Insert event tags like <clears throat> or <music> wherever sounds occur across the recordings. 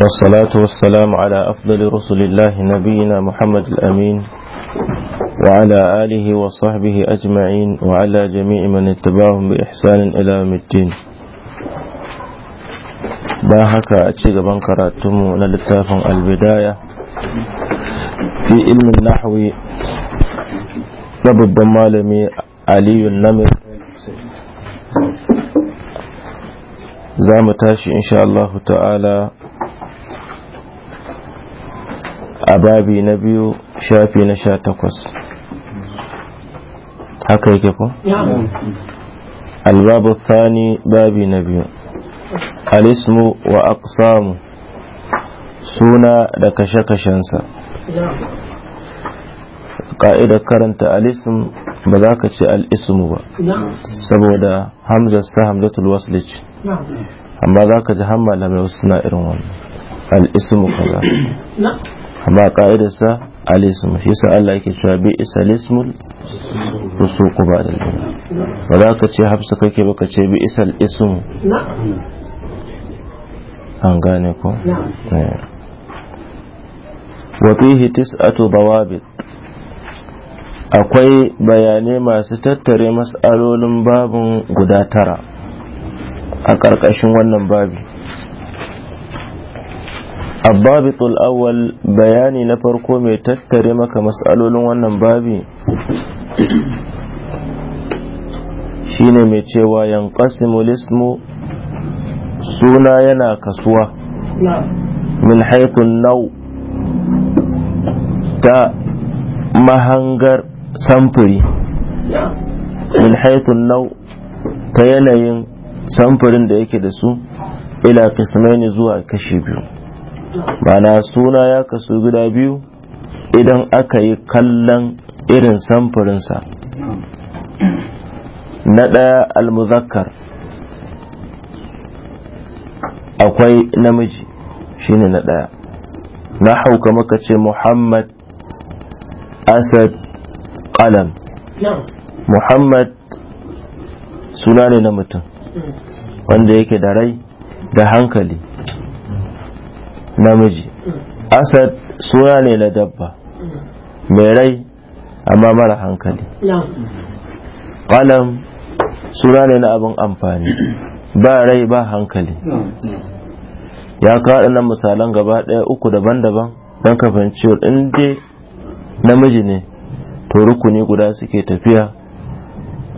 والصلاة والسلام على أفضل رسل الله نبينا محمد الأمين وعلى آله وصحبه أجمعين وعلى جميع من اتبعهم بإحسان إلى يوم الدين ba haka a ci gaban karatunmu na littafin albidaya fi ilmin nahwi na babban malami aliyun namir za mu tashi insha Allah ta'ala a babi na biyu shafi na sha takwas haka yake ko? albabu thani babi na biyu alismu wa aqsamu suna da kashe-kashensa ka'ida karanta alism ba za ka ce al'ismu ba saboda hamzar sa hamzatul wasli ce amma za ka ji hammala mai wasu suna irin wannan al'ismu kaza amma ƙa'idarsa alism shi sa Allah yake cewa bi isa lismul ku ba da ba za ka ce hafsa kake ba ka ce bi isa ism an gane ko eh. wa fihi tis'atu dawabit akwai bayanai masu tattare mas'alolin babin guda tara a ƙarƙashin wannan babi الضابط الأول بياني نفرقو مي تتري مكا مسألو لون بابي shine mai cewa yanqasimul ismu suna yana kasuwa min haithun nau ta mahangar samfuri min haithun nau ta yanayin samfurin da yake da su ila kismaini zuwa kashi biyu mana suna ya kasu guda biyu idan aka yi kallon irin samfurinsa na ɗaya almuzakkar akwai namiji shine na ɗaya na hauka maka ce muhammad asad alam muhammad suna ne na mutum wanda yake da rai da hankali namiji asad suna ne na dabba mai rai amma mara hankali Kalam suna ne na abin amfani ba rai ba hankali ya kawo nan misalan gaba ɗaya uku daban-daban don kafin fahimci in dai namiji ne to rukuni guda suke tafiya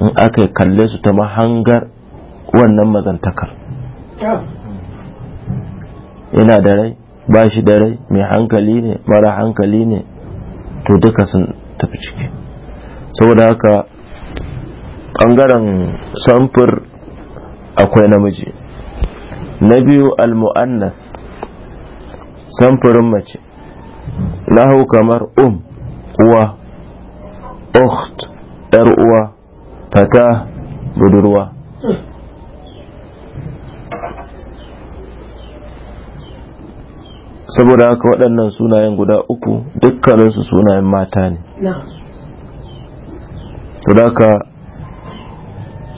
in aka kalle su ta mahangar wannan mazantakar Ina da rai ba shi da rai mai hankali ne mara hankali ne to duka sun tafi ciki saboda haka ɓangaren samfur akwai namiji na biyu almu'annas samfurin mace lahu kamar um uwa ukht uwa fata budurwa saboda haka waɗannan sunayen guda uku dukkaninsu sunayen mata ne to haka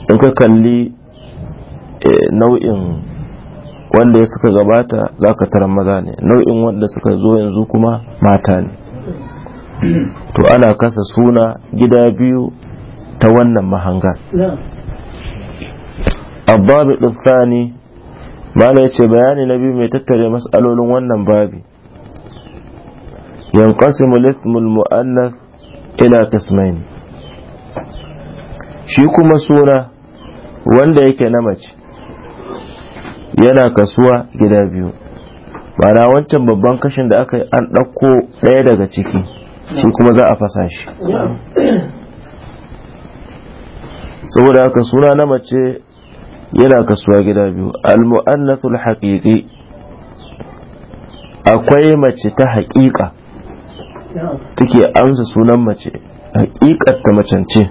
in ka kalli eh, nau'in wanda ya suka gabata za ka tara maza ne nau'in wanda suka zo yanzu kuma mata ne to ana kasa suna gida biyu ta wannan mahangar. abba bi mana ya ce bayani na biyu mai tattare matsalolin wannan babi yanqasimu lismul mu'annas ila qismain shi kuma suna wanda yake na mace yana kasuwa gida biyu ma'ana wancan babban kashin da aka yi an ɗauko ɗaya daga ciki shi kuma za a fasa shi saboda haka suna na mace yana kasuwa gida biyu almu'annathul haqiqi akwai mace ta haƙiƙa take amsa sunan mace haƙiƙar ta macen ce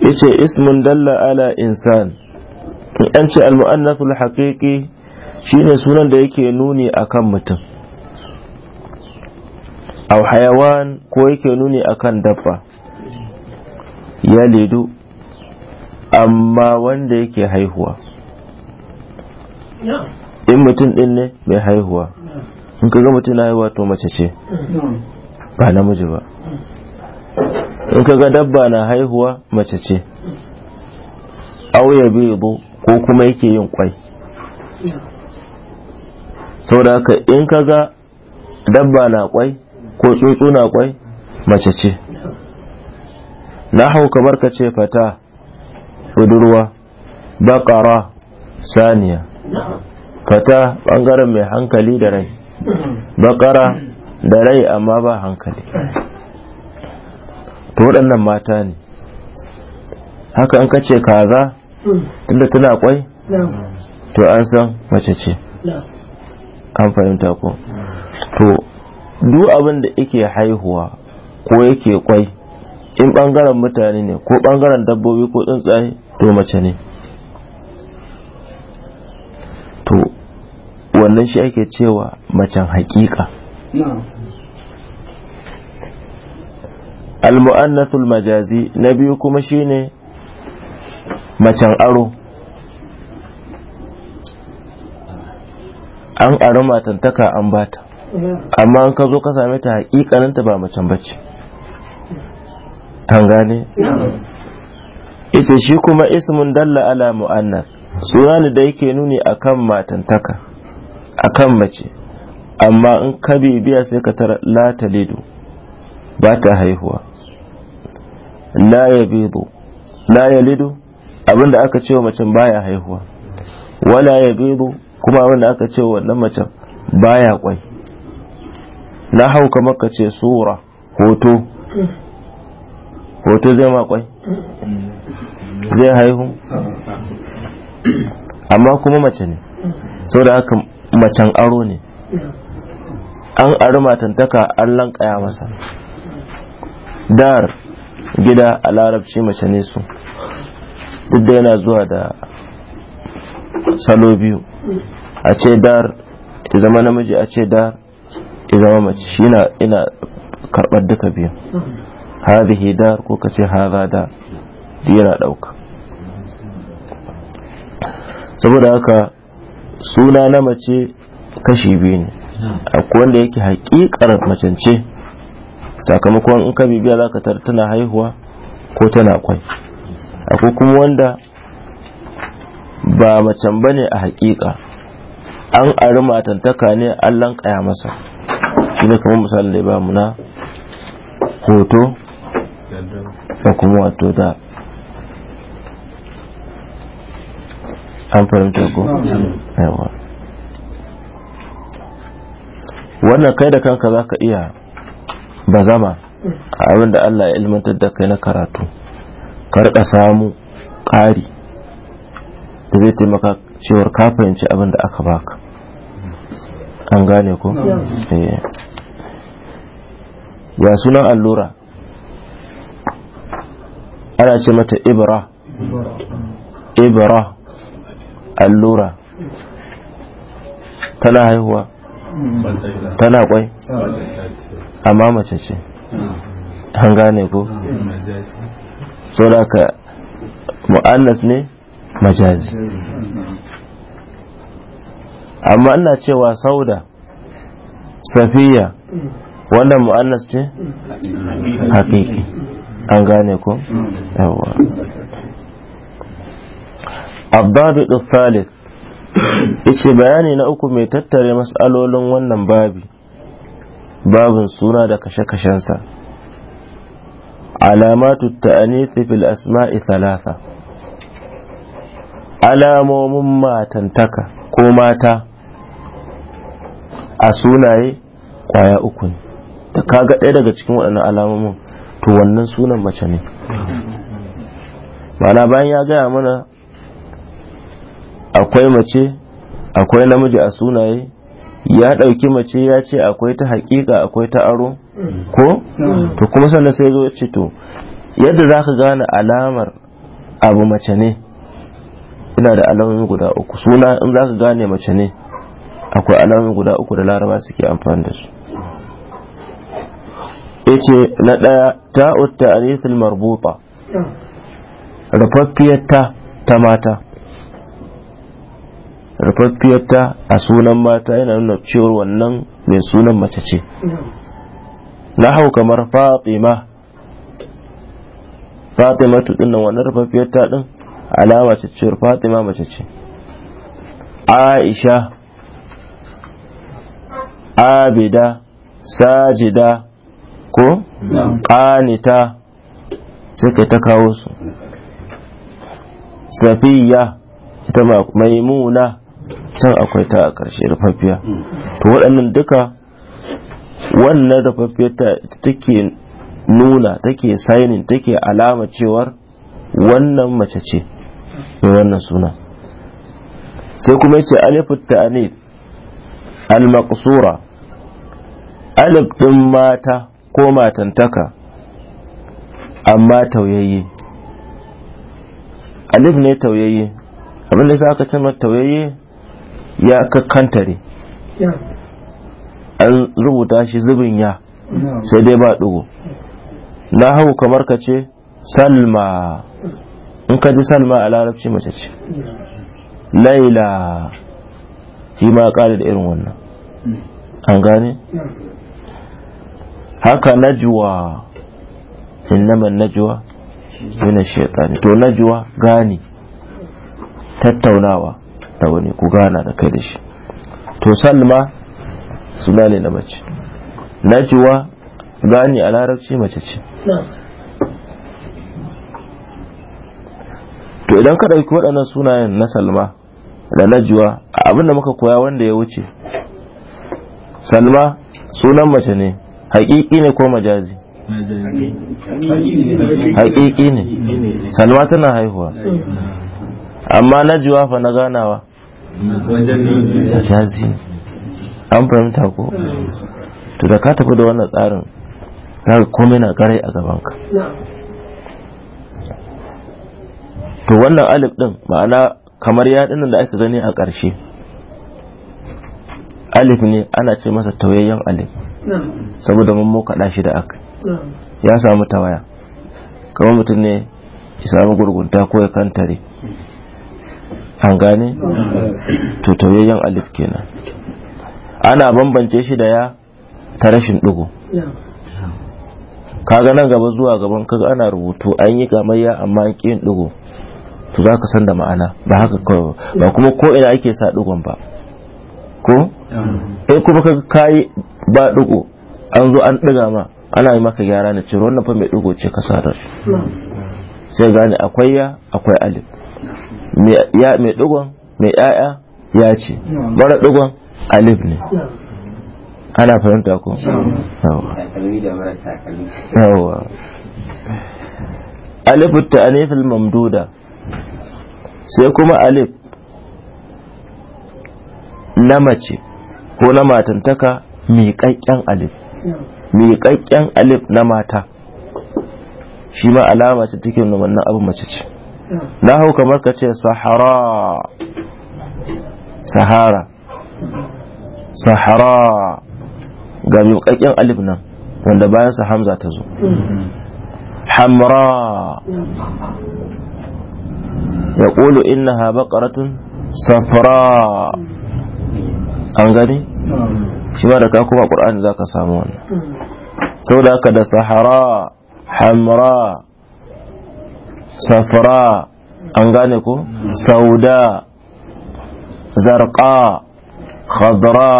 yace ismun dalla ala insan in an ce almu'annathul haqiqi shine sunan da yake nuni akan mutum aw hayawan ko yake nuni akan dabba ya lidu amma wanda yake haihuwa in mutum din ne mai haihuwa in ka ga mutum na haihuwa to mace ce ba namiji ba in ka ga dabba na haihuwa mace ce auya bai ko kuma yake yin kwai saboda haka in ka ga dabba na kwai ko tsuntsu na kwai mace ce na hau kamar ka ce fata budurwa baƙara saniya fata ɓangaren mai hankali da rai bakara da rai amma ba hankali to waɗannan mata ne haka an kace kaza tunda tana kwai to an san mace ce an fahimta ko to duk abin da yake haihuwa ko yake kwai in bangaren mutane ne ko bangaren dabbobi ko tsuntsaye to mace ne to wannan shi ake cewa macen haƙiƙa al-mu'annathul majazi na biyu kuma shine macen aro an aro matantaka an bata amma an ka zo ka same ta hakikaninta ba macen bace an gane ita shi kuma ismun dalla ala mu'annas suna da yake nuni akan matantaka akan mace amma in ka bibiya sai ka tara la talidu ba ta haihuwa la yabidu la yalidu abinda aka ce wa macen baya haihuwa wala yabidu kuma abinda aka ce wa wannan macen baya kwai na hau kamar ka ce sura hoto hoto zai ma kwai zai haihu amma kuma mace ne da haka macen aro ne an ari matantaka an lankaya masa dar gida a larabci mace ne su duk da yana zuwa da salo biyu a ce dar ya zama namiji a ce dar ya zama mace shi ina karɓar duka biyu hazihi dar ko ka ce haza dar yana ɗauka saboda haka suna na mace kashi biyu ne akwai wanda yake haƙiƙar macence sakamakon in ka bibiya za ka tar tana haihuwa ko tana kwai akwai kuma wanda ba macen ba ne a haƙiƙa an ari matantaka ne an lankaya masa shi ne kamar misalin da ya ba mu na hoto da kuma wato da an fahimta ko yawa wannan kai da kanka za ka iya bazama a abin da Allah ya ilmantar da kai na karatu ka samu ƙari da zai taimaka cewar ka fahimci abin da aka baka an gane ko ya eh. sunan allura ana ce mata ibra ibra allura tana haihuwa tana kwai amma mace ce an gane ko so da ka mu'annas ne majazi amma ina cewa sauda safiya wannan mu'annas ce haƙiƙi an gane ko yawa Abbabi الثالث ice bayani na uku mai tattare matsalolin wannan babi babin suna da kashe-kashensa alamatu ta'anisi fil asma'i thalatha alamomin matantaka ko mata a sunaye kwaya uku ne da kaga ɗaya daga cikin waɗannan alamomin to wannan sunan mace ne mana bayan ya gaya mana akwai mace akwai namiji a sunaye ya ɗauki mace ya ce akwai ta hakika akwai ta aro ko mm. to kuma sannan sai zo ce to yadda za ka gane alamar abu mace ne ina da alamomi guda uku suna in za ka gane mace ne akwai alamomi guda uku da laraba suke amfani da su ce na ɗaya ta'ud ta'arifin marbuta mm. rufaffiyar ta ta mata rufaffiyarta a sunan mata yana nuna cewar wannan mai sunan mace ce na hau kamar fatima fatima tudin nan wannan rufaffiyarta din alama ce cewar fatima mace ce aisha abida sajida ko ƙanita suka ta kawo su safiya ita maimuna can akwai ta a ƙarshe rufaffiya to waɗannan duka wannan rufaffiyar ta take nuna take sainin take alama cewar wannan mace ce mai wannan suna sai kuma yace alifu ta'anid al-maqsura alif din mata ko matantaka amma tauyayye alif ne tauyayye abin da aka ce tauyayye ya kakkantare an rubuta shi zubin ya sai dai ba ɗigo na hau kamar ka ce salma in ka ji salma a larabci mace ce laila shi ma kare da irin wannan an gane haka najuwa innaman najuwa yana shekani to najuwa gani tattaunawa ta wani ku gana da kai da shi to salma suna ne na mace na cewa gani a larabci mace ce to idan ka ɗauki waɗannan sunayen na salma da na jiwa abinda muka koya wanda ya wuce salma sunan mace ne haƙiƙi ne ko majazi haƙiƙi ne salma tana haihuwa amma na jiwa fa na ganawa jazi an fahimta ko to da ka tafi da wannan tsarin za ka komai na karai a gabanka to wannan alif din ma'ana kamar ya da aka gani a ƙarshe alif ne ana ce masa tauyayyen alif saboda mun mokaɗa shi da aka ya samu tawaya kamar mutum ne ya samu gurgunta ko ya kantare an gane to tauyayyen alif kenan ana bambance shi da ya ta rashin ɗigo kaga nan gaba zuwa gaban kaga ana rubutu an yi gamayya amma an ƙin dugu to za ka san da ma'ana ba haka kawai ba kuma ko ina ake sa ɗigon ba ko in kuma ka kayi ba dugu an zo an ɗiga ma ana yi maka gyara na ciro wannan fa mai dugo ce ka sa sai gane akwai ya akwai alif mai dugon mai ya'ya ya ce mara dugon alif ne ana fahimta ko alif ta anifil mamduda sai kuma alif na mace ko na matantaka miƙaƙƙen alif miƙaƙƙen alif na mata shi ma alama ce take wannan abu mace ce lahu kamar ka ce sahara sahara sahara ga miƙaƙƙen alif nan wanda bayan sa hamza ta zo hamra ya ƙulu innaha baƙaratun safra an gani shi ma da ka kuma ƙur'ani za ka samu wannan sau da haka da sahara hamra safara an gane ko sauda zarqa khadra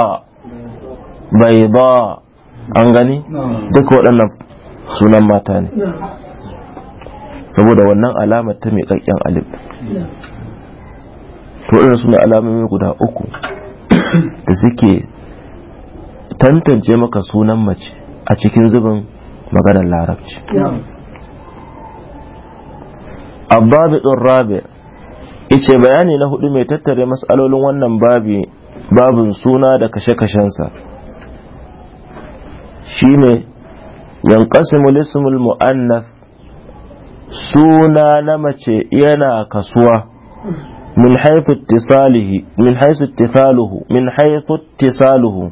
baida an gani duk waɗannan sunan mata ne saboda wannan alamar ta mai miƙaƙƙen alif to irin suna alamomi guda uku da suke tantance maka sunan mace a cikin zubin maganar larabci ɗin rabi ice bayani na hudu mai tattare matsalolin wannan babi babin suna da kashe-kashensa shi ne yankasimu lismul mu'annas suna na mace yana kasuwa min haifu ittisaluhu min haifu tisaluhu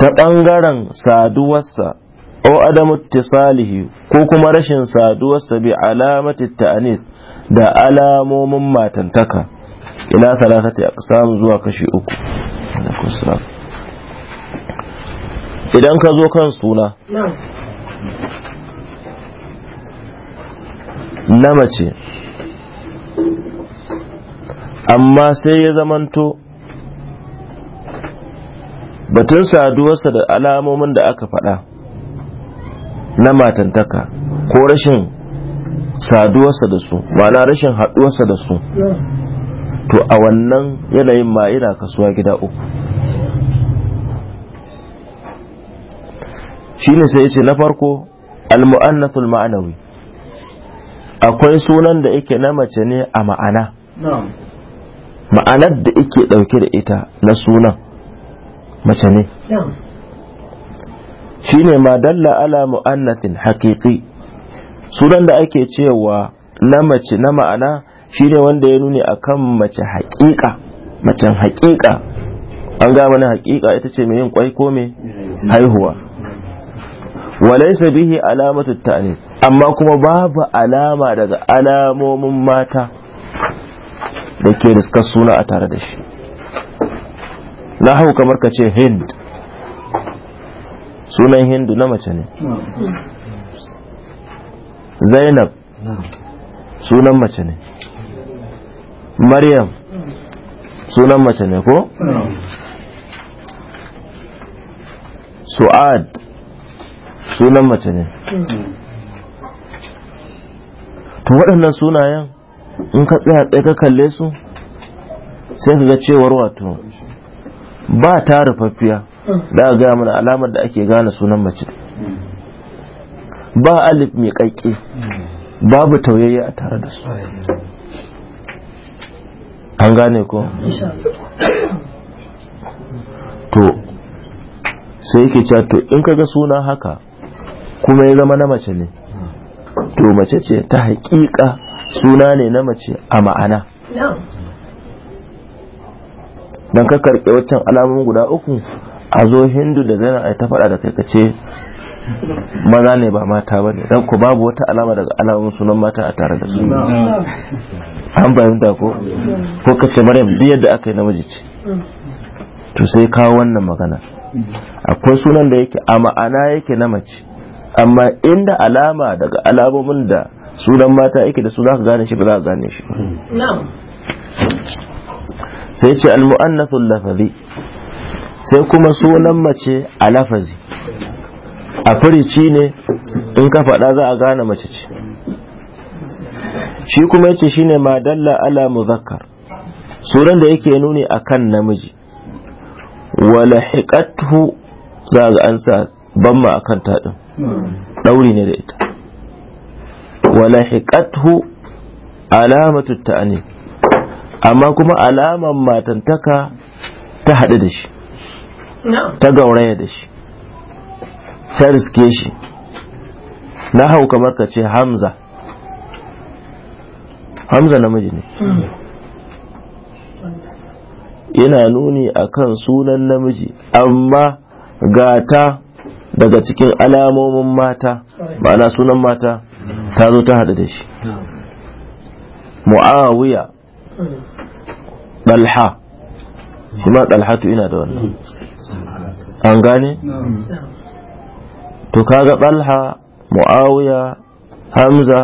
ta ɓangaren saduwarsa aw adamu ittisalihi ko kuma rashin saduwarsa bi alamati ta'anis da alamomin matantaka ila salatati aqsam zuwa kashi uku idan ka zo kan suna na mace amma sai ya zamanto batun saduwarsa da alamomin da aka faɗa na matantaka ko rashin saduwarsa da su ma'ana rashin haduwarsa da su to a wannan yanayin ma yana kasuwa gida uku shine sai ce na farko almu'annathul ma'anawi akwai sunan da yake na mace ne a ma'ana ma'anar da yake dauke da ita na sunan mace ne shine ma dalla ala mu'annatin haqiqi sunan da ake cewa na mace na ma'ana shine wanda ya nuni akan mace hakika, macen hakika. an ga mana hakika. ita ce mai yin kwai ko mai haihuwa walaysa bihi alamatu ta'nid amma kuma babu alama daga alamomin mata da ke riskar suna a tare da shi na hau kamar ka ce hind sunan hindu na mace ne zainab sunan mace ne maryam sunan mace ne ko su'ad sunan mace ne to waɗannan sunayen in ka tsaya tsaye ka kalle su sai ka ga cewar wato ba ta rufaffiya da ga mana alamar da ake gane sunan mace ba alif mai kaike babu tauyayya a tare da su an gane ko to sai yake cewa to in kaga suna haka kuma ya zama na mace ne to mace ce ta haƙiƙa suna ne na mace a ma'ana Dan ka karɓe waccan alamun guda uku a zo hindu da zainab ai ta faɗa da kai kace maza ne ba mata ba ne don ku babu wata alama daga alamun sunan mata a tare da su an fahimta ko ko kace maryam duk yadda aka yi namiji ce to sai kawo wannan magana akwai sunan da yake a ma'ana yake na mace amma inda alama daga alamomin da sunan mata yake da su za ka gane shi ba za ka gane shi sai ce al-mu'annathul lafazi sai kuma sunan mace a lafazi a firici ne in ka faɗa za a gane mace ce shi kuma yace shine ma dalla ala muzakkar suran da yake nuni akan namiji wala hiqathu za ga an sa bamma akan ta din dauri ne da ita wala hiqathu alamatu ta'ani amma kuma alaman matantaka ta haɗu da shi ta gauraya da shi ta riske shi na hau kamar ka ce hamza hamza namiji ne yana nuni akan sunan namiji amma gata daga cikin alamomin mata ma'ana sunan mata ta zo ta hada da shi mu'awiya hmm. dalha shi ma ina da wannan hmm. an gane to kaga ɓalha mu'awiya hamza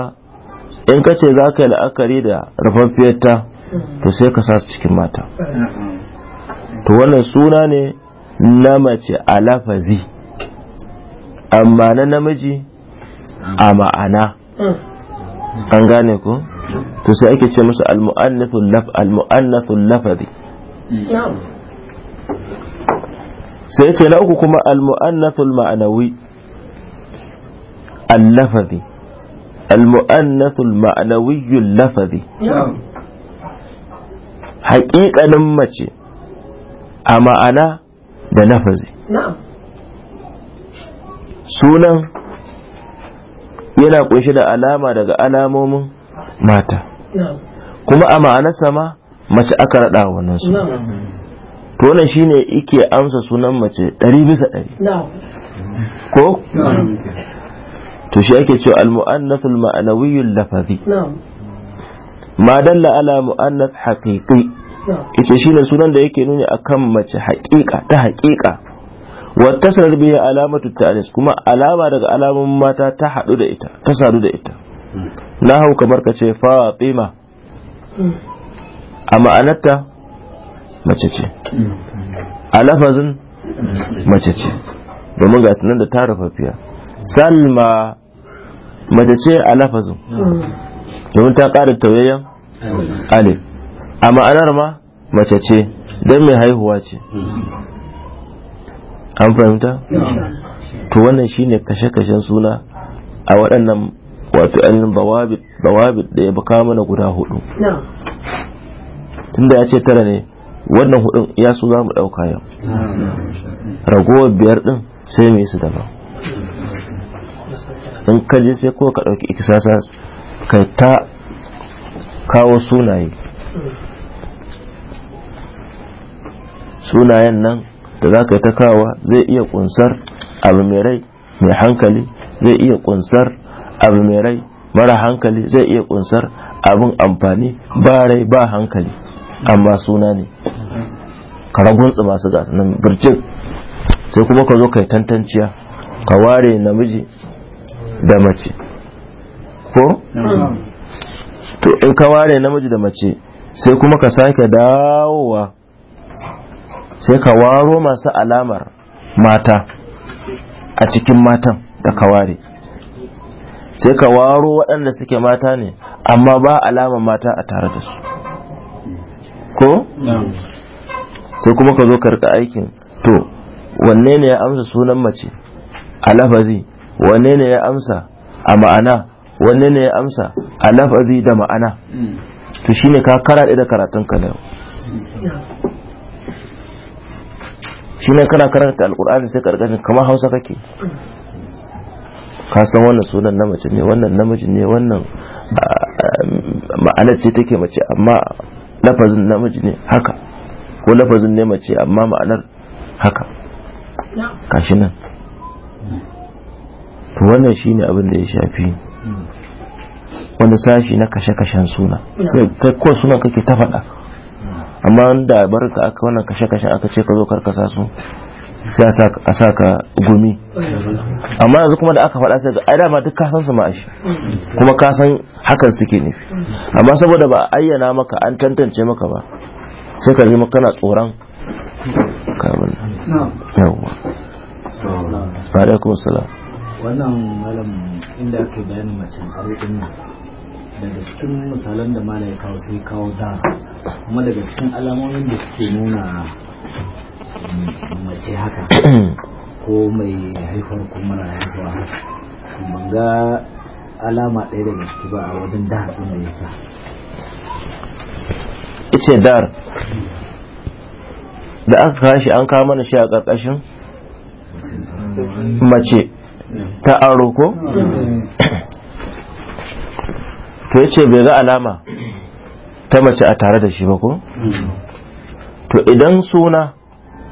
in ka ce za ka yi la'akari da rufaffiyar ta to sai ka sa su cikin mata to wannan suna ne na mace a lafazi amma na namiji a ma'ana hmm. an gane ku to sai ake ce musu al-mu'annathul lafazi sai ce na uku kuma al-mu'annathul ma'anawi al-lafazi al-mu'annathul al lafazi haƙiƙanin mace a ma'ana da lafazi sunan yana kunshi da alama daga alamomin mata kuma a ma'anar sama mace aka raɗa wannan sunan to wannan shine yake amsa sunan mace ɗari bisa ɗari ko to shi ake cewa al-mu'annathul ma'anawiyyul lafazi ma dalla ala mu'annath haqiqi ita shine sunan da yake nuni akan mace haƙiƙa ta haƙiƙa wa tasrar bi alamatu ta'anis kuma alama daga alamun mata ta hadu da ita ta sadu da ita hmm. na hau kamar ka ce fatima hmm. a ma'anarta mace ce a lafazin mace ce domin ga nan da ta rufaffiya salma mace ce a lafazin domin ta ƙara tauyayyen alif a ma'anar ma mace ce don mai haihuwa ce an fahimta to wannan shine kashe-kashen suna a waɗannan wato yan bawabit da ya baka mana guda hudu tunda ya ce tara ne wannan hudun ya su za mu ɗauka yau ragowar biyar ɗin sai mu yi su daban in ka je sai ko ka ɗauki ikisasa kai ta kawo sunaye sunayen nan da za ka yi ta kawo zai iya kunsar abu mai rai mai hankali zai iya kunsar abu mai rai mara hankali zai iya kunsar abin amfani ba rai ba hankali amma suna ne ka ragun ba su ga nan birjin sai kuma ka zo ka yi tantanciya ka ware namiji da mace ko to in ka ware namiji da mace sai kuma ka sake dawowa sai ka waro masu alamar mata a cikin matan da ka ware sai ka waro waɗanda suke mata ne amma ba alamar mata a tare da su ko? sai kuma ka zo ka rika aikin to wanne ne ya amsa sunan mace a lafazi wanne ne ya amsa a ma'ana wanne ne ya amsa a lafazi da ma'ana to shine ka kara da karatun ka na yau shine kana karanta alkur'ani sai karkashin kamar hausa kake ka san wannan sunan na mace ne wannan namiji ne wannan ma'anar ce take mace amma lafazin namiji ne haka ko lafazin ne mace amma ma'anar haka kashi nan to wannan shine abin da ya shafi wani sashi na kashe-kashen suna sai kai ko suna kake ta faɗa amma da barka aka wannan kashe-kashen aka ce ka zo sa su sai a sa ka gumi amma yanzu kuma da aka faɗa sai ga ai dama duk kasan su ma'ashi kuma kasan hakan suke nufi amma saboda ba ayyana maka an tantance maka ba sai ka zama kana tsoron kamun yawwa alaikum salam wannan malam inda ake bayanin mace aure din daga cikin misalan da ya kawo sai kawo da kuma daga cikin alamomin da suke nuna mace haka <clears throat> ko mai haifar kuma mara haihuwa ban ga alama ɗaya daga ciki ba a wajen da da ya sa ice dar da aka kashi an kama mana shi a ƙarƙashin mace ta aro ko to yace bai ga alama ta mace a tare da shi ba ko to idan suna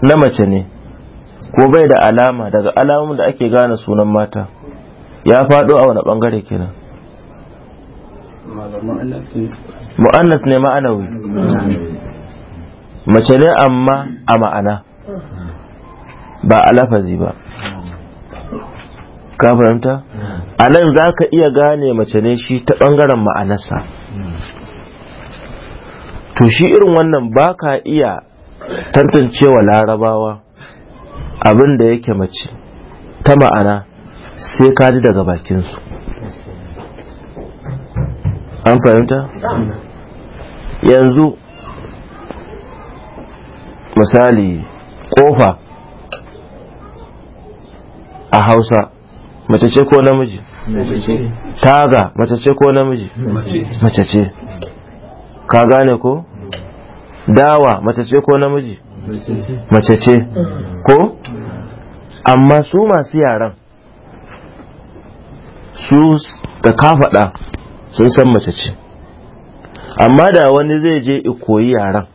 na mace ne ko bai da alama daga alamun da ake gane sunan mata ya faɗo a wani ɓangare kenan mu'annas ne ma'anawi mace ne amma a ma'ana ba a lafazi ba ka fahimta a nan za ka iya gane mace ne shi ta ɓangaren ma'anarsa to shi irin wannan ba ka iya tantancewa larabawa abinda da yake mace ta ma'ana sai ka ji daga bakinsu an fahimta? yanzu misali kofa a hausa mace ce ko namiji taga mace ce ko namiji mace ce ka gane ko dawa mace ce ko namiji mace ce ko amma su masu yaran su da kafaɗa sun san mace ce amma da wani zai je i koyi yaran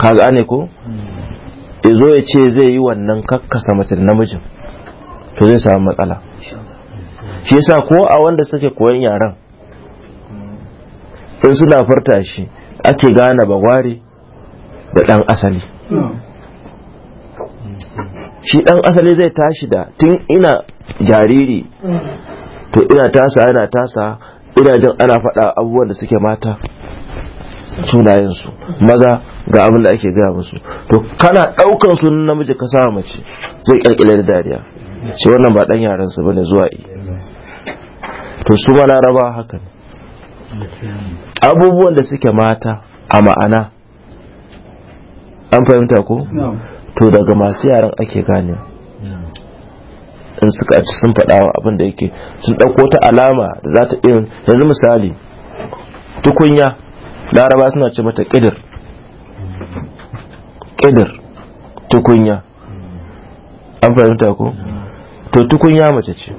ka gane ko izo ya ce zai yi wannan kakkasa mace namijin to zai samu matsala shi yasa ko a wanda suke koyan yaran in suna farta shi ake gane bagware da dan asali shi dan asali zai tashi da tun ina jariri to ina tasa ina tasa ina jin ana faɗa abubuwan da suke mata sunayensu maza ga abin da ake gaya musu to kana ɗaukan sunan namiji ka sa mace zai ƙirƙire da dariya ce wannan ba ɗan yaran su bane zuwa yi to su ma laraba haka ne abubuwan da suke mata a ma'ana an fahimta ko to daga masu yaren ake ganewa in suka ci sun faɗa abin da yake sun ɗauko ta alama da za ta iya yanzu misali tukunya laraba suna ce mata ƙidir ƙidir tukunya an fahimta ko to tukunya mace ce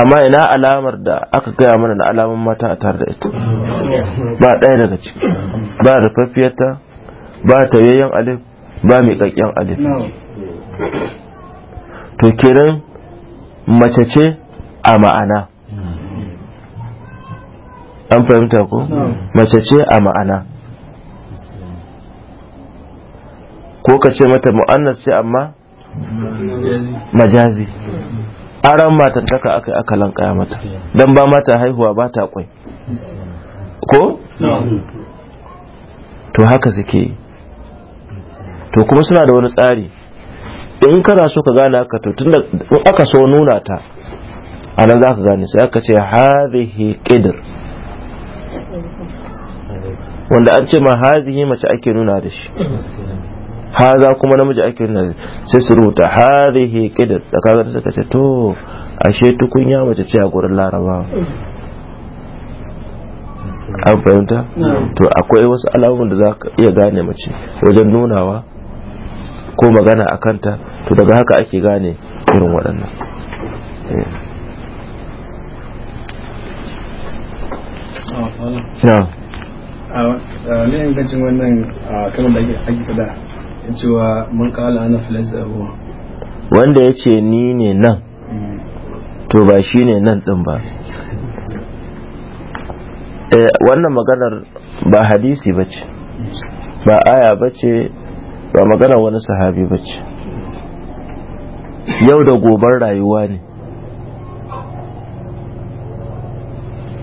amma ina alamar da aka gaya mana na alamun mata a tare da ita ba ɗaya daga ciki ba rufaffiyarta ba tayayyen alif ba mai ƙaƙƙen alif to kenan mace ce a ma'ana an fahimta ko mace ce a ma'ana ko ka ce mata mu'annas ce amma majazi aran matan taka aka aka lankaya mata dan ba mata haihuwa ba ta kwai ko to haka suke yi. to kuma suna da wani tsari in kana so ka gane haka to tunda in aka so nuna ta a nan za ka gane sai aka ce hazihi qidr wanda an ce ma hazihi mace ake nuna da shi haza kuma namiji ake nuna da sai su rubuta hazihi qidr da kaga ta ce to ashe tukunya mace ce a gurin laraba an fahimta to akwai wasu alamun da za ka iya gane mace wajen nunawa ko magana a kanta to daga haka ake gane irin waɗannan eh. a ne wannan da ake fada cewa mun kala ana wanda ya ce ni ne nan hmm. to ba shi ne nan ɗin ba eh, wannan maganar ba hadisi ba ce ba aya ba ce ba magana wani sahabi ba ce yau da gobar rayuwa ne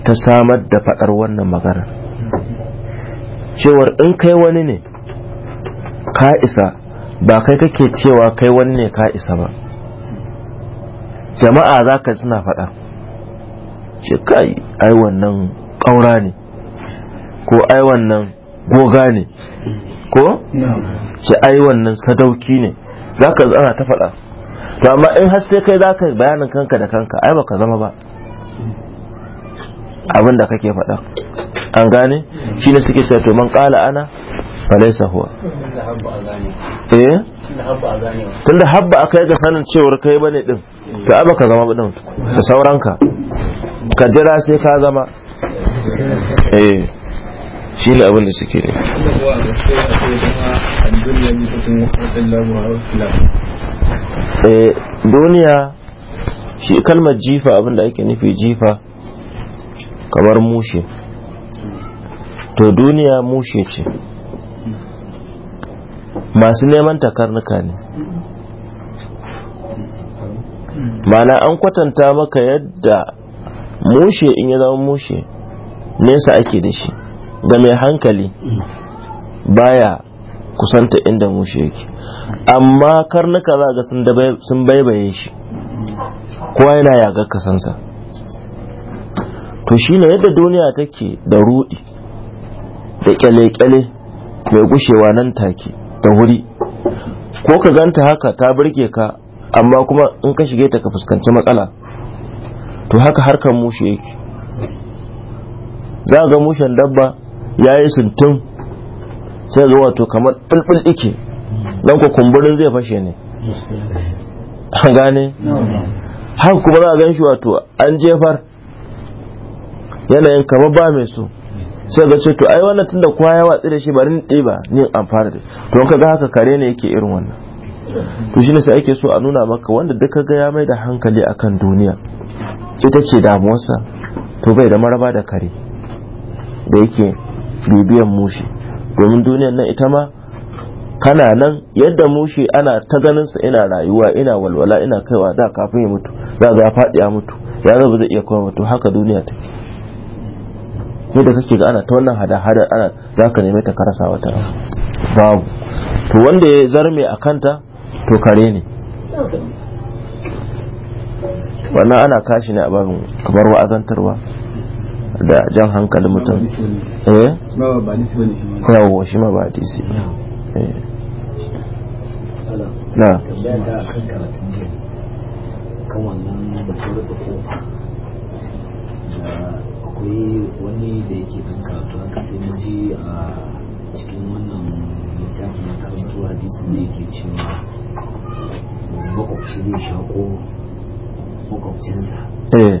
ta samar da faɗar wannan magana cewar in kai wani ne ka isa ba kai kake cewa kai wani ne ka isa ba jama'a za ka suna faɗa ce kai ai wannan ƙaura ne ko ai wannan goga ne ko? ce ai wannan sadauki ne za ka ana ta faɗa to amma in har sai kai za ka bayanin kanka da kanka ai baka zama ba abin da kake faɗa an gane shi ne suke cewa to man ƙala ana falai huwa eh tunda habba a kai ga sanin cewar kai bane din to ai baka zama ba din da sauranka ka jira sai ka zama eh shi ne abin da suke ne eh, duniya shi kalmar jifa abin ake nufi jifa kamar mushe to duniya mushe ce masu neman takarnuka ne mana an kwatanta maka yadda mushe in ya zama mushe nesa ake da shi Da mai hankali baya kusanta inda mushe yake amma karnuka za ga sun baibaye shi kowa yana yaga kasansa to shi shine yadda duniya take da rudi da kyale-kyale mai gushewa nan take da wuri ko ka ganta haka ta birge ka amma kuma in ka shige ta ka fuskanci matsala to haka harkar mushe yake za ga mushen dabba ya yi sintin sai zuwa wato kamar bulbul ike dan ku kumburin zai fashe ne an gane haka kuma za a gan shi wato an jefar yanayin kamar ba mai so sai ga ce to ai wannan tun kowa ya watsi da shi bari ni ɗiba ni amfana da to ka ga haka kare ne yake irin wannan to ne sai ake so a nuna maka wanda duk ka ga ya mai da hankali akan duniya ita ce damuwarsa to bai da maraba da kare da yake bibiyan mushi domin duniyar nan ita ma kana nan yadda mushi ana ta ganin sa ina rayuwa ina walwala ina kaiwa da kafin ya mutu za ga fadiya mutu ya zaba zai iya kuma mutu haka duniya take ne da kake ga ana ta wannan hada-hada ana za ka neme ta karasa wata babu to wanda ya zarme a kanta to kare ne wannan ana kashi ne a babin kamar wa'azantarwa da jan hankalin mutum eh? yawon shi ma ba disi. Eh. na akwai wani da yake kan karatu haka sai na ji a cikin wannan littafin na karatu hadisi ne yake cewa makwabci zai shaƙo makwabcinsa eh.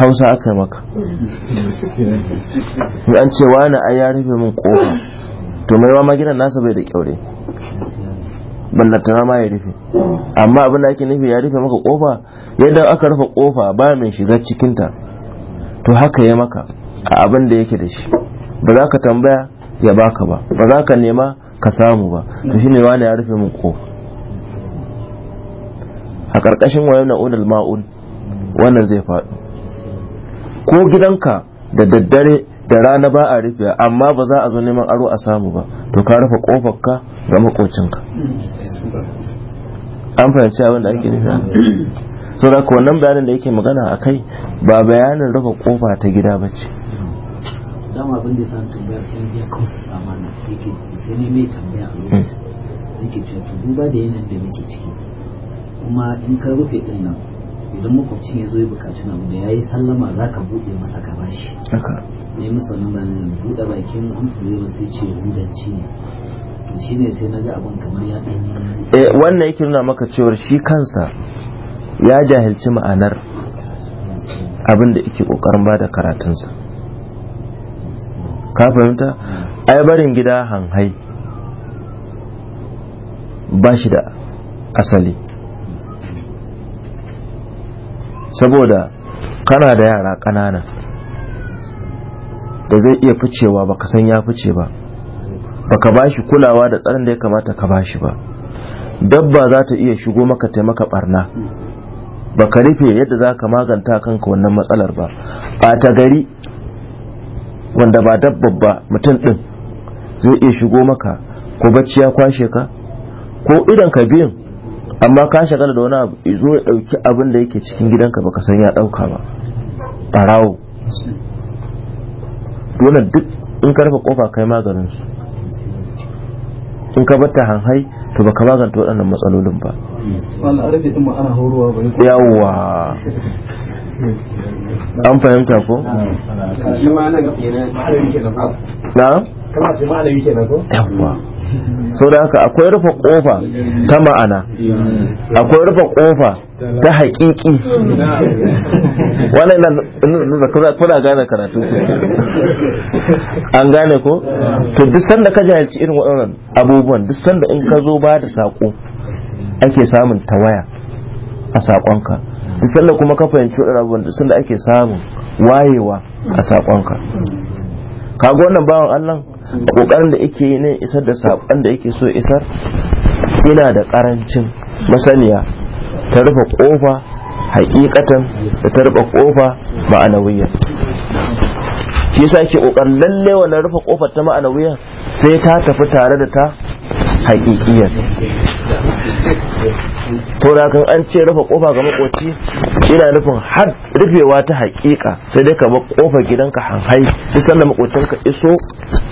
hausa aka maka in an ce wani a ya rufe min kofa to mai ma gidan nasa bai da kyaure ballantana ma ya rufe amma abin da ake nufi ya rufe maka kofa yadda aka rufe kofa ba mai shiga cikinta to haka ya maka a abin da yake da shi ba za ka tambaya ya baka ba ba za ka nema ka samu ba to shine wani ya rufe min kofa a ƙarƙashin wayo na ma'un wannan zai faɗo ko gidanka da daddare da rana ba a rufe amma ba za a zo neman aro a samu ba to ka rufe kofarka ga makocinka an fahimci abin da ake nufi da ku wannan bayanin da yake magana a kai ba bayanin rufe kofa ta gida ba ce dama abin da san samu tambayar sai ya kawo sama na sai ne mai tambaya a lokacin hmm. yake cewa to duba da yanayin da muke ciki kuma in ka rufe din nan idan makwabcin ya zo ya bukaci na da ya yi sallama za ka buɗe masa ka bashi ne masa wani bayanin buɗe bakin amsa ne sai ce hudanci ne to shi ne sai na ga abin kamar ya ɗan eh, wannan yake nuna maka cewar shi kansa ya jahilci ma'anar abin da yake ƙoƙarin ba da karatunsa ka fahimta ai barin gida hanhai ba shi da asali saboda kana da yara ƙanana da zai iya ficewa baka san ya fice ba baka bashi kulawa da tsarin da ya kamata ka bashi ba dabba za ta iya shigo maka taimaka barna baka rufe yadda za ka maganta kanka wannan matsalar ba ta gari wanda ba dabba ba mutum ɗin zai iya shigo maka ko bacci ya kwashe ka ko idan ka biyan amma ka shagala da wani abu zo ya dauki abin da yake cikin gidanka baka san ya dauka ba barawo dole duk in ka rufe kofa kai maganin su in ka bata hanhai to baka maganta waɗannan matsalolin ba yawwa an fahimta ko na ko yawa so da haka akwai rufe kofa ta ma'ana akwai rufe kofa ta haƙiƙi wannan na kuna gane karatu an gane ko to duk sanda ka jayarci irin waɗannan abubuwan duk sanda in ka zo ba da saƙo ake samun tawaya a saƙonka duk sanda kuma ka fahimci waɗannan abubuwan duk sanda ake samun wayewa a saƙonka kaga wannan bawan Allah kokarin da yake yi ne isar da sakon da yake so isar ina da karancin masaniya ta rufe kofa hakikatan da ta rufe kofa ma'anawiyya shi yasa ke kokarin lalle na rufe kofa ta ma'anawiyya sai ta tafi tare da ta haƙiƙiyar saurakan an ce rufe kofa ga makoci ina nufin har rufewa ta hakika sai dai ka bar kofa gidanka hanhai duk sanda makocinka iso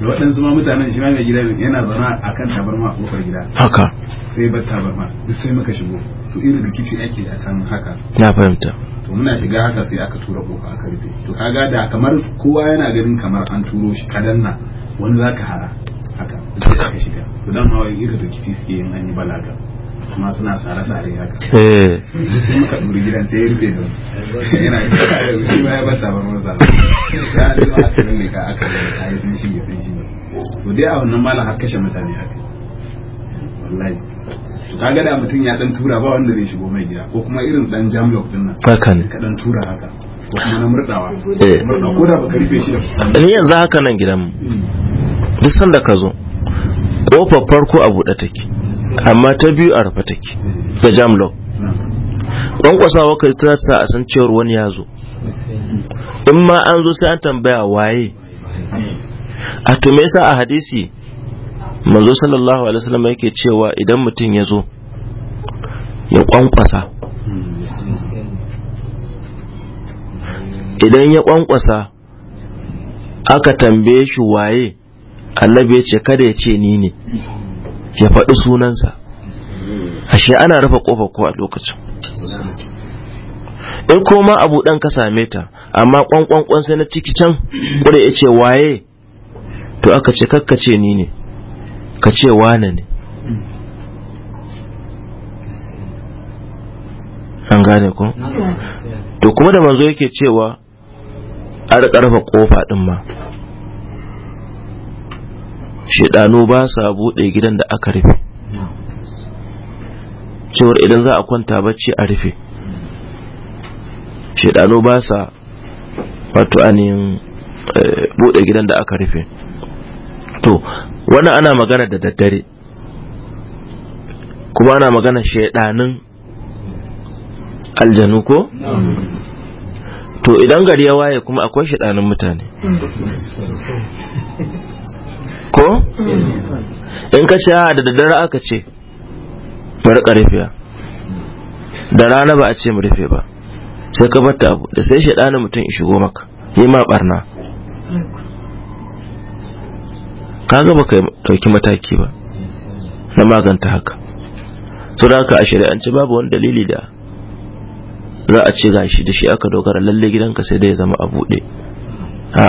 da waɗansu ma mutanen shi ma mai gida yana zama a kan tabarma a ƙofar gida haka sai bar tabarma duk sai muka shigo to irin rikici ake a can haka na fahimta to muna shiga haka sai aka tura ƙofa aka rufe to kaga da kamar kowa yana ganin kamar an turo shi kadanna wani zaka hara haka sai aka shiga to dan hawaye irin rikici suke yin an yi balaga kuma suna tsare-tsare haka eh. gidan sai ya rufe da yana shi ma ya ba ya ma ka aka sun shi sun shi to dai a wannan malam har kashe mutane haka wallahi kaga da mutum ya dan tura ba wanda zai shigo mai gida ko kuma irin dan jamlock din nan haka ne ka dan tura haka ko kuma na murdawa eh. murda ko da baka rufe shi da ni yanzu haka nan gidan duk sanda ka zo kofar farko a buɗe take amma ta biyu a rufe take ga jam lock don kwasawa ta sa a san cewar wani ya zo in ma an zo sai an tambaya waye a tume sa a hadisi manzo sallallahu alaihi wasallam yake cewa idan mutum ya zo ya ƙwanƙwasa. idan ya ƙwanƙwasa aka tambaye shi waye annabi ya ce kada ya ce ni ne ya faɗi sunansa ashe ana rufe ƙofar ko a lokacin in koma abu ɗan ka same ta amma ƙwanƙwanƙwan sai na ciki can ƙure ya ce waye to aka ce kakka ce ni ne ka ce wane ne an gane ko to kuma da manzo yake cewa a rika rufe ƙofa ɗin ma shedanu ba sa buɗe gidan da aka rufe cewar idan za a kwanta bacci a rufe shedanu ba sa wato anin eh, buɗe gidan da aka rufe to wannan ana magana da daddare kuma ana magana shedanin aljanu ko? to idan gari ya waye kuma akwai shiɗanin mutane ko in ka ce da daddare aka ce bari karfiya da rana ba a ce mu rufe ba sai ka bar abu da sai shaɗanin mutum ya shigo maka yi ma barna kaga baka dauki mataki ba na maganta haka to da haka a shari'ance babu wani dalili da za a ce gashi da shi aka dogara lalle gidanka sai dai ya zama a buɗe a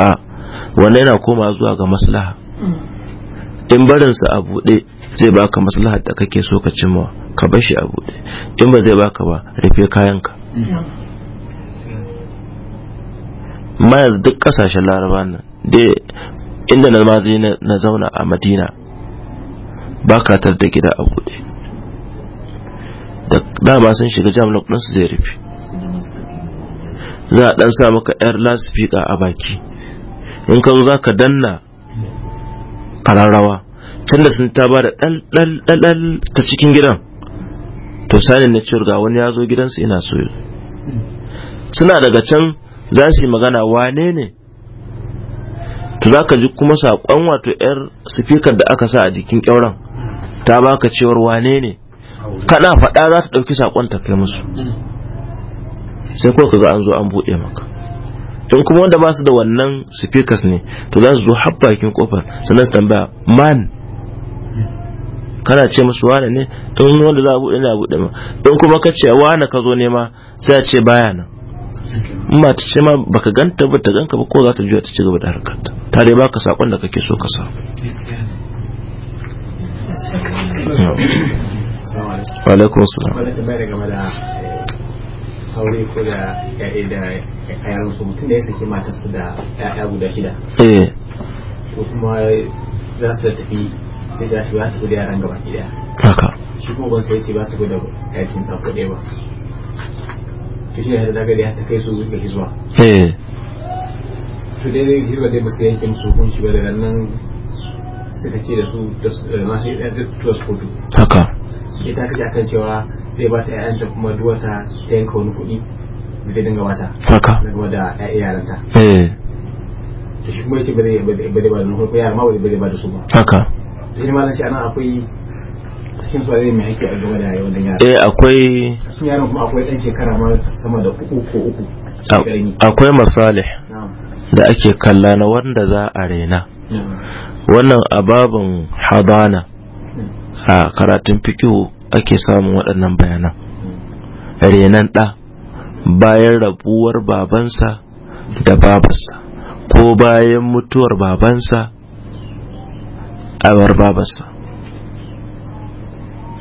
wannan yana koma zuwa ga maslaha in barinsa a bude zai baka maslahar da kake so ka cimma ka bar shi a bude in ba zai baka ba rufe kayanka maya duk ƙasashen laraba nan inda na ma na zauna a madina ba ka tar da gida a bude da dama sun shiga jam su zai rufe za a dan sa maka 'yar lasifika a baki in kan zo za ka danna kararrawa tunda sun ta ba da ɗal ta cikin gidan to sani na cewar ga wani ya zo gidansu ina so suna daga can za su yi magana wane ne to za ka ji kuma saƙon wato 'yar sifikar da aka sa a jikin ƙyauren ta ba ka cewar wane ne kana faɗa za ta ɗauki saƙon ta kai musu sai ko ka ga an zo an buɗe maka Don kuma wanda ba su da wannan speakers ne to za su zo har bakin kofar sannan su tambaya man kana ce musu wane ne to wanda za a buɗe da buɗe ma don kuma ka ce wane ka zo nema sai a ce baya nan in ba ta ce ma baka ganta ba ta ganka ba ko za ta juya ta ci gaba da harkar ta ta dai baka sakon da kake so ka sa wa alaikum salam aure ko da da yayan su mutum da ya saki matarsa da ƴaƴa guda shida eh. Ko kuma za su tafi sai za su tafi da yaran gaba daya haka shi kuma ban sai ce ba ta gudu yakin ta kuɗe ba shi ne da ya ta kai su ga hizba eh. to dai dai hizba dai yankin su kun shiga daga nan suka ce da su da masu da su haka ita kace akan cewa zai ba ta yayanta kuma duwata ta yanka wani kuɗi da zai dinga wata haka na da ƴaƴa yaranta eh. to shi kuma yace ba zai ba zai ba da nuhu ko yara ma ba zai ba da su ba haka shi ma nan shi ana akwai cikin su zai mai haƙƙi a game da wannan yara eh akwai cikin yaran kuma akwai ɗan shekara ma sama da uku ko uku akwai masalih da ake kalla na wanda za a rena wannan ababin habana a karatun fikihu ake samun waɗannan bayanan renan ɗa bayan rabuwar babansa da babarsa ko bayan mutuwar babansa awar babarsa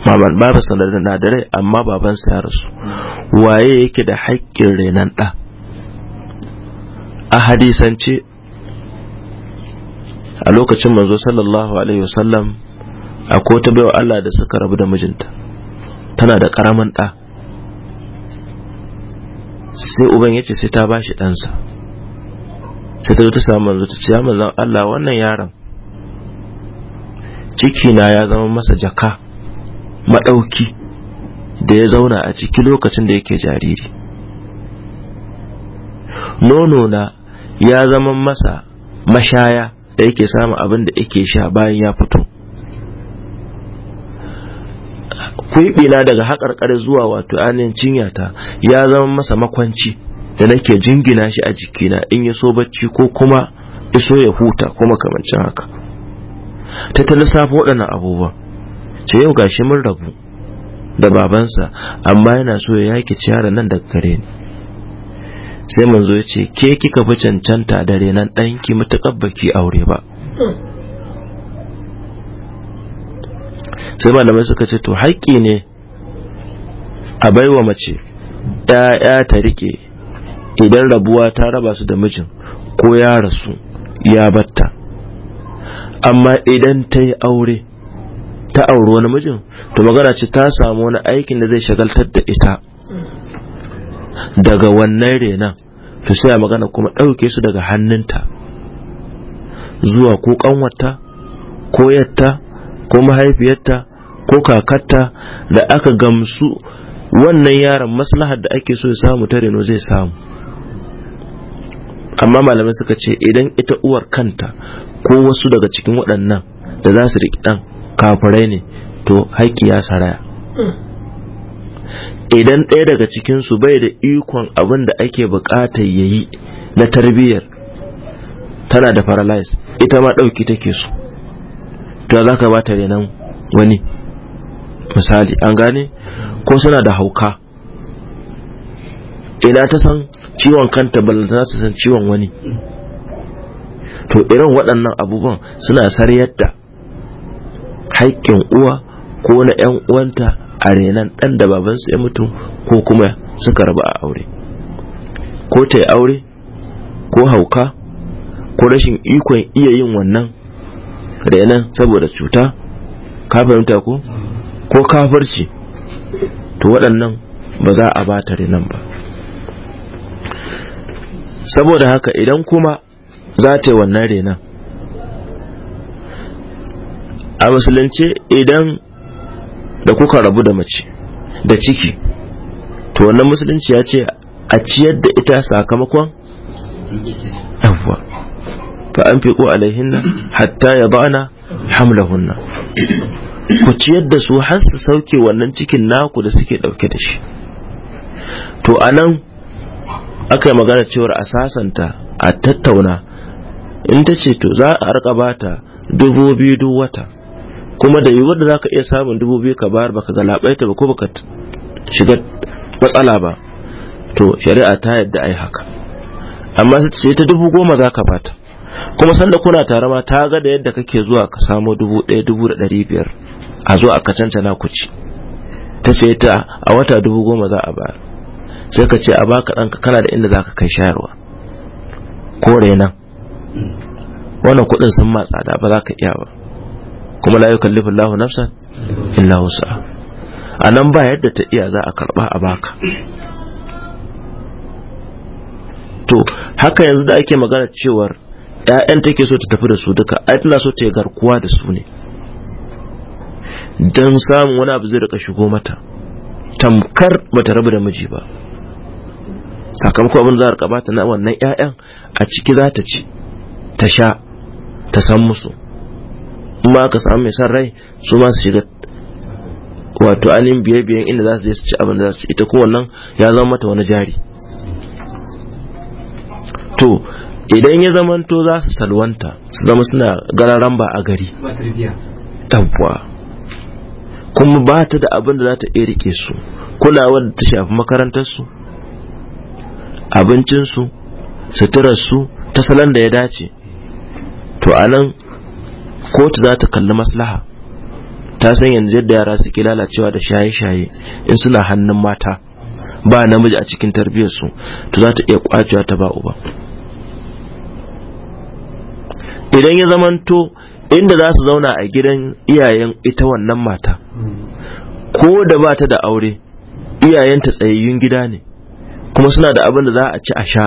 Babansa babarsa na da rai amma babansa ya rasu waye yake da haƙƙin renan ɗa a hadisance a lokacin manzo sallallahu alaihi wasallam akwai wata baiwa Allah da suka rabu da mijinta tana da karaman ɗa sai uban ya ce sai ta bashi ɗansa sai ta zo ta samu manzo ta ce ya Allah wannan yaron ciki na ya zama masa jaka maɗauki da ya zauna a ciki lokacin da yake jariri nono na ya zama masa mashaya da yake samun abin da yake sha bayan ya fito na daga haƙarƙare zuwa wato anin cinyata ya zama masa makwanci da nake jingina shi a jikina in ya so bacci ko kuma iso ya huta ko makamancin haka ta ta lissafa waɗannan abubuwa ce yau gashi mun rabu da babansa amma yana so ya yake ciyara nan daga kare ni sai manzo ya ce ke kika fi cancanta da renan ɗanki matuƙar baki aure ba sai malamai suka ce to haƙƙi ne a baiwa mace ‘ya'ya ta riƙe idan rabuwa ta raba su da mijin ko ya rasu ya batta amma idan ta yi aure ta auri wani mijin to magana ce ta samu wani aikin da zai shagaltar da ita daga wannan renan to sai magana kuma ɗauke su daga hannunta zuwa ko ƙanwarta ko yatta ko mahaifiyarta ko kakarta da aka gamsu wannan yaron maslahar da ake so ya samu ta reno zai samu amma malamai suka ce idan ita uwar kanta ko wasu daga cikin waɗannan da za su riƙi ɗan kafurai ne to haƙƙi ya saraya idan ɗaya daga cikinsu bai da ikon abin da ake buƙatar ya yi na tarbiyyar tana da paralyze ita ma ɗauki take so to za ka ba ta renon wani misali an gane ko suna da hauka ina ta san ciwon kanta ballantana su san ciwon wani to irin waɗannan abubuwan suna saryar da haƙƙin uwa ko na 'yan uwanta a renan ɗan da babansu ya mutu ko kuma suka raba a aure ko ta yi aure ko hauka ko rashin ikon iya yin wannan renan saboda cuta ka fahimta ko ko kafirci to waɗannan ba za a bata ta nan ba saboda haka idan kuma za ta yi wannan renan a musulunce idan da kuka rabu da mace da ciki to wannan musulunci ya ce a ciyar da ita sakamakon yawwa fa an fi ko alaihinna hatta ya ba'ana hamlahunna ku ciyar da su har su sauke wannan cikin naku da suke ɗauke da shi to a nan aka yi magana cewar a sasanta a tattauna in ta ce to za a rika bata dubu biyu duk wata kuma da yiwuwar da za ka iya samun dubu biyu ka bayar baka ta ba ko baka shiga matsala ba to shari'a ta yadda ai haka amma sai ta dubu goma za ka bata kuma sanda kuna tare ma ta ga da yadda kake zuwa ka samo dubu ɗaya dubu da ɗari biyar a zo a katantana ku ci ta ce ta a wata dubu goma za a bayar sai ka ce a baka ɗanka kana da inda za ka kai shayarwa ko nan. wannan kuɗin sun ma tsada ba za ka iya ba kuma la yukallifu lahu nafsa illa wasu a nan ba yadda ta iya za a karɓa a baka to haka yanzu da ake magana cewar 'ya'yan take so ta tafi da su duka ai tana so ta yi garkuwa da su ne don samun wani abu zai rika shigo mata tamkar bata rabu da miji ba sakamakon abin da za a bata na wannan 'ya'yan a ciki za ta ci ta sha ta san musu in aka samu mai san rai su ma su shiga wato ainihin biye-biyen inda za su je su ci abin da za su ita ko wannan ya zama mata wani jari to idan ya zamanto za su salwanta su zama suna gararan ba a gari yawwa kuma ba ta da abin da za ta iya rike su kulawar da ta shafi makarantarsu abincinsu suturarsu ta salon da ya dace to a nan kotu za ta kalli maslaha ta san yanzu yadda yara suke lalacewa da shaye-shaye in suna hannun mata ba namiji a cikin tarbiyyarsu to za ta iya kwacewa ta ba uba idan ya zamanto inda za su zauna a gidan iyayen ita wannan mata ko da ba ta da aure iyayenta tsayayyun gida ne kuma suna da abin da za a ci a sha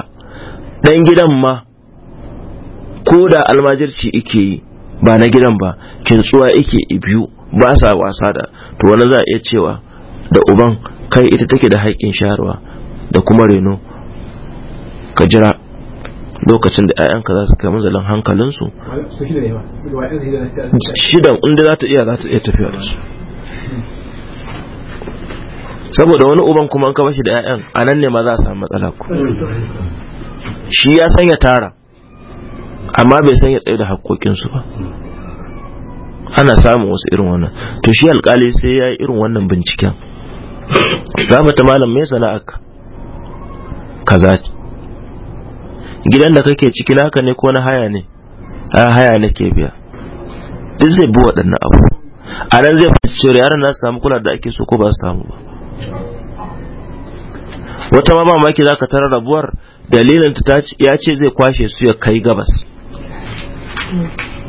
ɗan gidan ma ko da almajirci ike yi ba na gidan ba kintsuwa ike biyu ba sa wasa da to wani za a iya cewa da uban kai ita take da haƙƙin sharuwa da kuma reno ka jira lokacin da 'ya'yanka za su kai manzalin hankalinsu shidan inda za ta iya za ta iya tafiya da su saboda wani uban kuma an kama shi da 'ya'yan a nan ne ma za a samu matsala ku shi ya sanya tara amma bai sanya tsaye da haƙoƙinsu ba ana samun wasu irin wannan to shi alƙali sai ya yi irin wannan binciken za mu ta malam mai sana'ar kaza gidan da kake ciki naka ne ko na haya ne a haya nake biya duk zai bi waɗannan abu a nan zai fice yaran na samu kula da ake so ko ba samu ba wata ma mamaki zaka ka tara rabuwar dalilin ta ya ce zai kwashe su ya kai gabas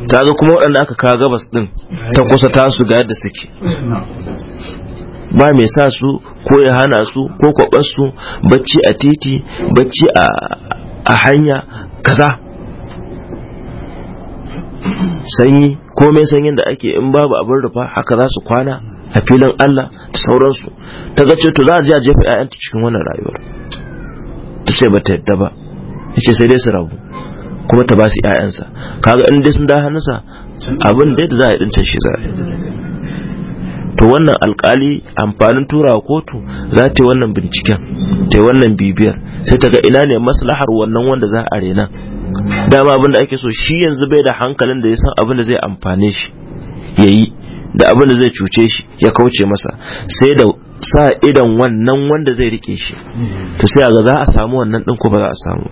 ta ga kuma waɗanda aka kawo gabas ɗin ta kusa tasu ga yadda suke ba mai sa su ko ya hana su ko kwabar bacci a titi bacci a a hanya kaza sanyi komai sanyin da ake in babu abin rufa haka za su kwana a filin Allah ta sauransu ta ga to za a je a jefa 'ya'yanta cikin wannan rayuwar ta ce ba ta yadda ba ce sai dai su rabu kuma ta ba su 'ya'yansa kaga in dai sun da hannunsa abin da za a yi din shi za a yi to wannan alkali amfanin turawa kotu za ta yi wannan binciken ta yi wannan bibiyar sai ta ga ina ne maslahar wannan wanda za a rena dama abin da ake so shi yanzu bai da hankalin da ya san abin da zai amfane shi ya yi da abin da zai cuce shi ya kauce masa sai da sa idan wannan wanda zai rike shi to sai ga za a samu wannan din ko ba za a samu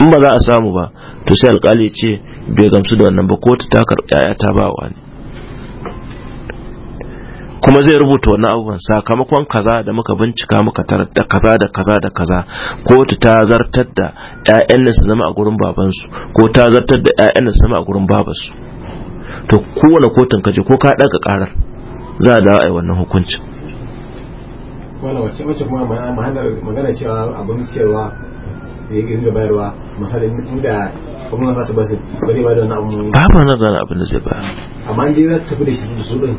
in ba za a samu ba to sai alkali ce bai gamsu da wannan ba kotu ta karɓi ta ba wani kuma zai rubuta wani abubuwan sakamakon kaza da muka bincika muka tarar da kaza da kaza da kaza ko ta zartar da 'ya'yan su zama a gurin babansu ko ta zartar da 'ya'yan su zama a gurin babansu to kowane kotun je ko ka daga karar za a dawo a yi wannan hukuncin wala wacce wacce kuma magana cewa abin cewa da ya gina bayarwa misali inda kuma za ta basu bari ba da wani abu babu wani abin da zai ba amma dai za ta tafi da shi da su din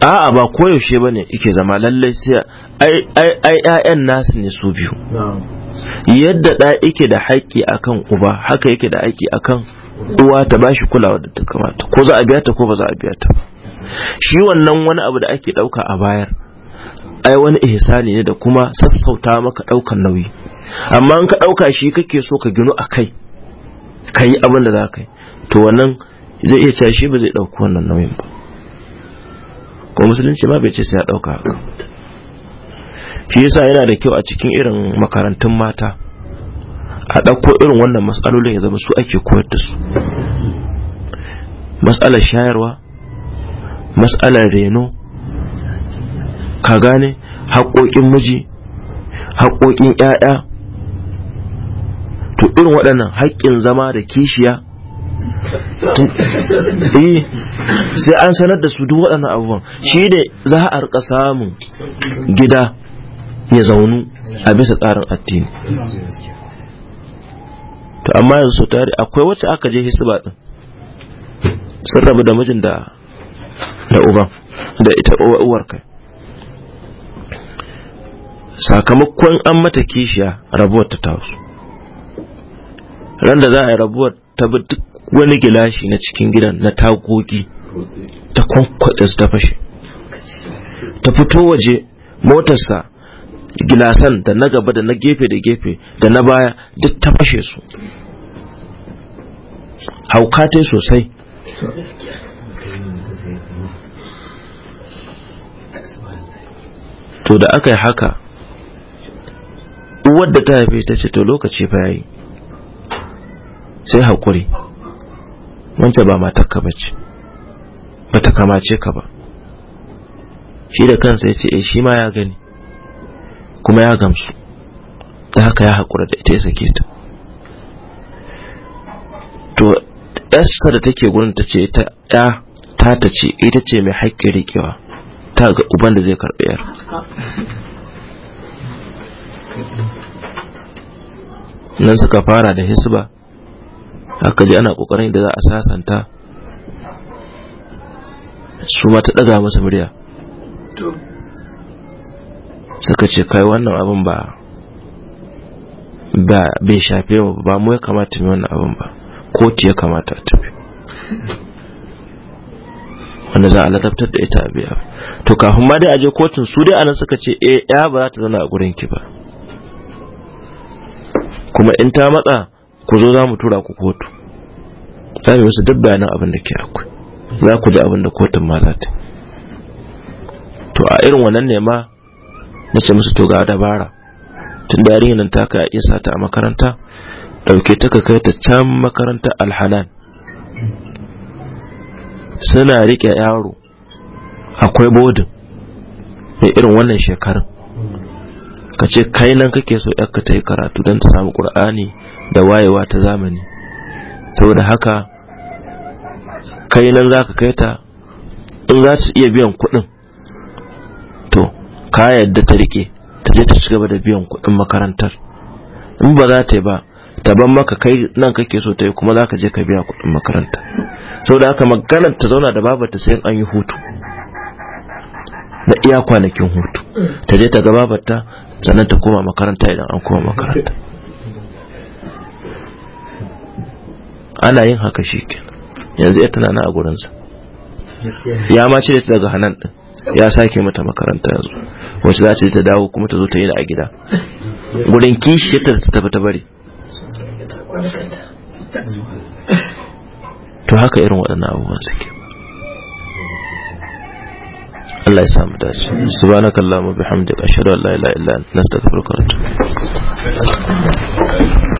a'a ba koyaushe ba ne ike zama lallai sai ai ƴaƴan nasu ne su biyu yadda ɗa yake da haƙƙi akan uba haka yake da haƙƙi akan uwa ta bashi kulawa da ta kamata ko za a biya ta ko ba za a biya ta shi wannan wani abu da ake ɗauka a bayar ai wani ihsani ne da kuma sassauta maka ɗaukan nauyi amma in ka ɗauka shi kake so ka gino a kai ka yi abin da za ka to wannan zai iya cashe ba zai ɗauki wannan nauyin ba ko musulunci ma bai ce sai ya ɗauka haka shi yasa yana da kyau a cikin irin makarantun mata a ɗauko irin wannan matsalolin ya zama su ake koyar da su matsalar shayarwa matsalar reno ka gane haƙoƙin miji haƙoƙin 'ya'ya to irin waɗannan haƙƙin zama da kishiya eh sai an sanar da su duk waɗannan abubuwan shi da za a rika samun gida ya zaunu a bisa tsarin addini to amma yanzu so tare akwai wacce aka je hisba din sun rabu da mijin da da uba da ita uwar kai sakamakon an mata kishiya rabuwar ta taso ran da za a yi rabuwar ta bi duk wani gilashi na cikin gidan na tagogi ta kwankwada ta fashe ta fito waje motarsa gilasan da na gaba da na gefe da gefe da na baya duk ta fashe su hauka ta sosai to da aka yi haka da ta haife ta ce to lokaci bayayi sai haƙuri wancan ba matarka ba ce ba ta kamace ka ba shi da kansa ya ce eh shi ma ya gani kuma ya gamsu da haka ya haƙura da ita ya sake ta to yasta da take gurin ta ce ta ya ta ta ce ita ce mai haƙƙin riƙewa ta ga uban da zai karɓi yar nan suka fara da hisba Haka je ana kokarin da za a sasanta su ma ta daga masa murya suka ce kai wannan abin ba ba bai shafe mu ba mu ya kamata mu wannan abin ba koti ya kamata a tafi wanda za a ladabtar da ita biya to kafin ma dai a je kotun su dai anan suka ce eh ya ba za ta zauna a gurin ki ba kuma in ta matsa ku zo za mu tura ku kotu za mu yi wasu duk bayanan abin da ke akwai za ku ji abin da kotun ma za ta to a irin wannan nema ma na ce musu toga dabara tun da yarinyar nan taka isa ta a makaranta ɗauke ta ka kai ta can makarantar alhanan suna riƙe yaro akwai bodin mai irin wannan shekarun ka ce kai nan kake so ka ta yi karatu don ta samu ƙur'ani da wayewa ta zamani saboda haka kai nan za ka kai ta in za ta iya biyan kuɗin to ka yadda ta rike ta je ta ci gaba da biyan kuɗin makarantar in ba za ta yi ba ban maka kai nan kake so ta yi kuma za ka je ka biya kuɗin makaranta saboda haka maganar ta zauna da babarta sai an yi hutu da iya kwanakin hutu ta je ta ga babarta sannan ta koma makaranta idan an koma makaranta ana yin haka shi yanzu ya tana na a gurinsa ya ma cire ta daga hanan din ya sake mata makaranta yanzu wacce za ta ta dawo kuma ta zo ta yi da a gida gurin kishi ta tafi ta bari to haka irin waɗannan abubuwan suke Allah ya samu dace subhanakallahumma bihamdika ashhadu an la ilaha illa anta astaghfiruka wa atubu